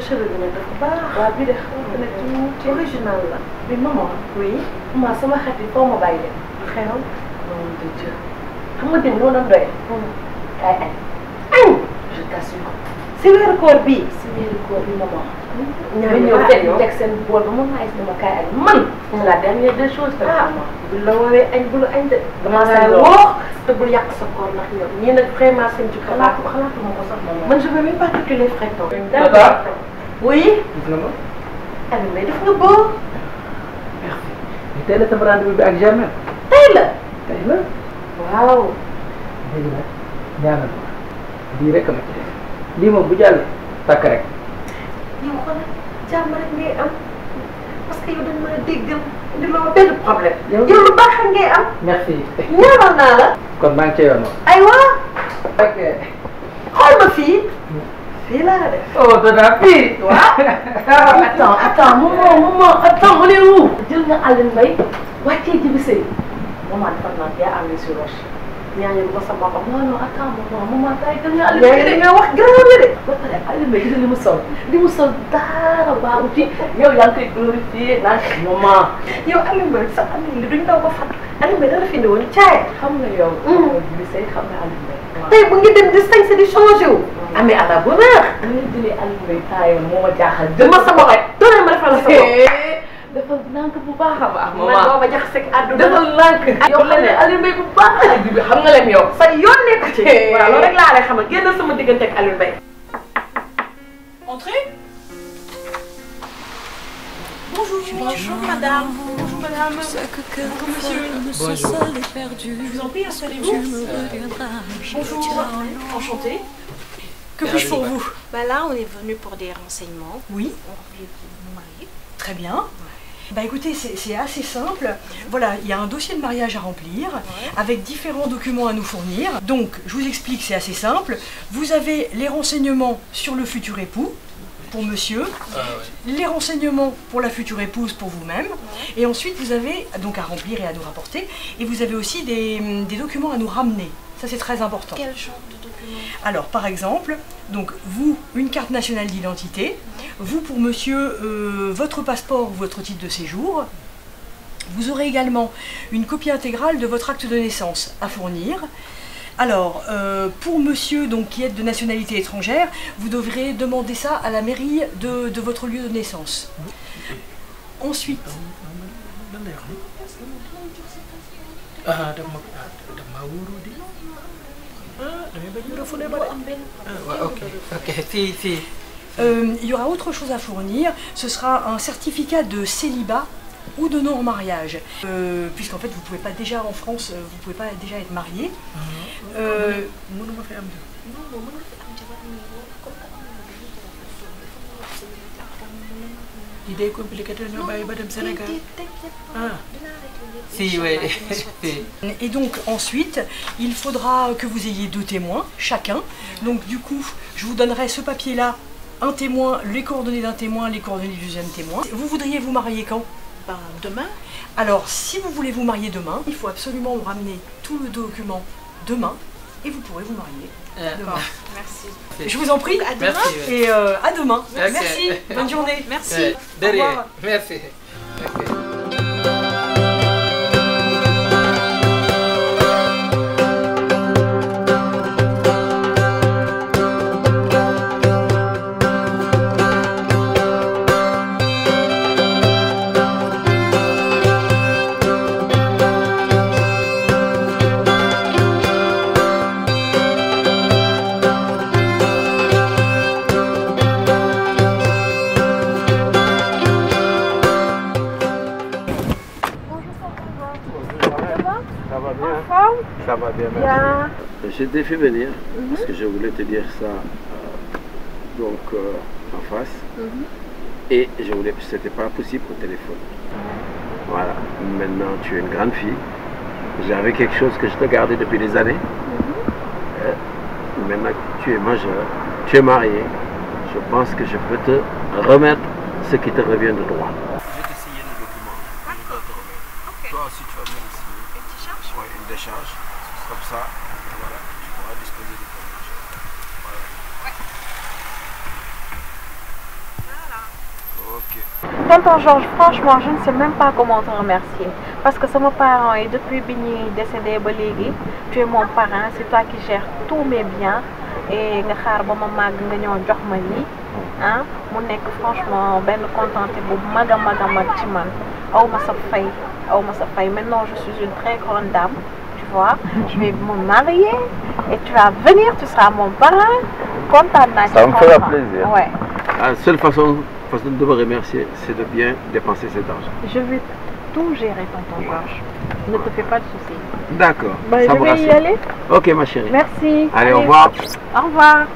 sa cheveux bi nag dafa baax. waaw bii de xam nga nag tuuti original la. mais maman. oui maman sama xarit yi foo ma bàyyi dem. xew. loolu de Dieu. xam nga dem noonu la doyee. kaay añ. añ. je t'assure. si weeru koor bii. si weeru koor bi maman. ñaari ñëw teg seen bool ba moom ay sama kaay añ man. c'est la dernière des choses. ah bu la woowee añ bu la añ de. damaa saa woo te bul yàq sa koor ndax ñoom ñii nag vraiment seen ci xalaatu xalaatu ma ko sax man je veux même pas que tu les fréquentes. d'accord. oui. gis nga ma. Aliou mais def nga boo. merci mais tey la sama rendez ak Germaine. tey la. tey la. waaw. léegi nag ñaanal ma lii rek ma ci def lii bu jàll tàkk rek. yow xoolal jàmm rek ngay am parce que yow dañu mën a déggal indi loo benn problème. yow lu baax ngay am. merci. ñaanal kon maa ngi cee yoon. aywa. ok xool ma fii. Mm. fii laa de. oh tonton fii. waaw. attends attends maman maman attends on est où. jël nga Alioune Mbaye wàccee Djiby Sèye maman dafa naan yaa am na si roche ñaareelu ko sa papa non non attends maman maman kay jël nga Alioune Mbaye de la de. ba pare li mu sol li mu sol dara baaxu ci yow yaa ngi koy glorifier naan sa Alioune li duñ daw ba fàtt Alioune Mbaye dara fi indi woon caay. xam nga yow. xam hmm. nga Djiby Sèye xam nga Alioune Mbaye. tey bu di sañ sa amee à la bonne heure. nga jëlee Aliou Mbaye taa yoon moo ma jaaxal jël ma sama waay. doole ma defal la sa bopp defal nànk bu baax a baax. maman man boo ma jaxasee ak àdduna defal nànk. yow xam nga Aliou Mbaye bu baax la bi xam nga leen yow. sa yoon nekk ci. waaw loolu rek laa lay xamal génn sama diggante ak Aliou Mbaye. entrez. Bonjour, bonjour madame. Bonjour madame. Bonjour monsieur. Bonjour. Je vous en prie, installez-vous. Bonjour. Enchantée. Que ah, puis-je pour vous Là, on est venu pour des renseignements. Oui. On revient pour mon Très bien. écoutez, c'est assez simple. Voilà, il y a un dossier de mariage à remplir avec différents documents à nous fournir. Donc, je vous explique, c'est assez simple. Vous avez les renseignements sur le futur époux pour monsieur, ah, ouais. les renseignements pour la future épouse pour vous-même, et ensuite vous avez donc à remplir et à nous rapporter, et vous avez aussi des, Ça, c'est très important. Alors, par exemple, donc vous, une carte nationale d'identité. Vous, pour monsieur, euh, votre passeport ou votre titre de séjour. Vous aurez également une copie intégrale de votre acte de naissance à fournir. Alors, pour monsieur qui est de nationalité étrangère, vous devrez demander ça à la mairie de votre lieu de naissance. Ensuite... Ah, a ah, ah, refoulé ba euh, il y aura autre chose à fournir, ce sera un certificat de célibat ou de non-mariage, euh, puisqu'en fait vous pouvez pas déjà en France, euh, vous pouvez être marié. Mm-hmm. di day compliqué te ñoo bàyyi ba dem Sénégal ah si donc ensuite il faudra que vous ayez deux témoins chacun du coup je vous donnerai ce papier là un témoin les coordonnées d'un témoin les coordonnées du deuxième témoin vous voudriez vous marier quand demain alors si vous voulez vous marier demain il faut absolument ramener tout le document demain et vous pourrez vous marier. Euh, demain. Merci. Je vous en prie, à demain merci, ouais. et euh, à demain. Merci, merci. bonne journée. Merci. Au revoir. Merci. bien en forme Ça va bien, merci. Bien. Je t'ai fait venir mm -hmm. parce que je voulais te dire ça euh, donc euh, en face. Mm -hmm. Et je voulais, c'était pas possible au téléphone. Voilà. Maintenant, tu es une grande fille. J'avais quelque chose que je te gardais depuis des années. Mm -hmm. euh, maintenant que tu es majeur, tu es marié, je pense que je peux te remettre ce qui te revient de droit. d'échange. Comme franchement, je ne sais même pas comment remercier. Parce que sama parents yi depuis bi ñuy décédé ba léegi tu es mon parent c'est toi qui gères tous mes biens et nga xaar ba ma màgg nga ñëw jox ma lii mu nekk franchement benn contenté bu mag a mag ci man aw ma sa fay aw ma sa fay maintenant je suis une très grande dame. toi, je vais me marier et tu vas venir, tu seras mon parrain. Content de Ça me fera plaisir. Ouais. La seule façon, façon de me remercier, c'est de bien dépenser cet argent. Je vais tout gérer dans ton poche. Ne te fais pas de soucis. D'accord. Bah, je vais rassure. y aller. Ok, ma chérie. Merci. Allez, Allez. au revoir. Au revoir.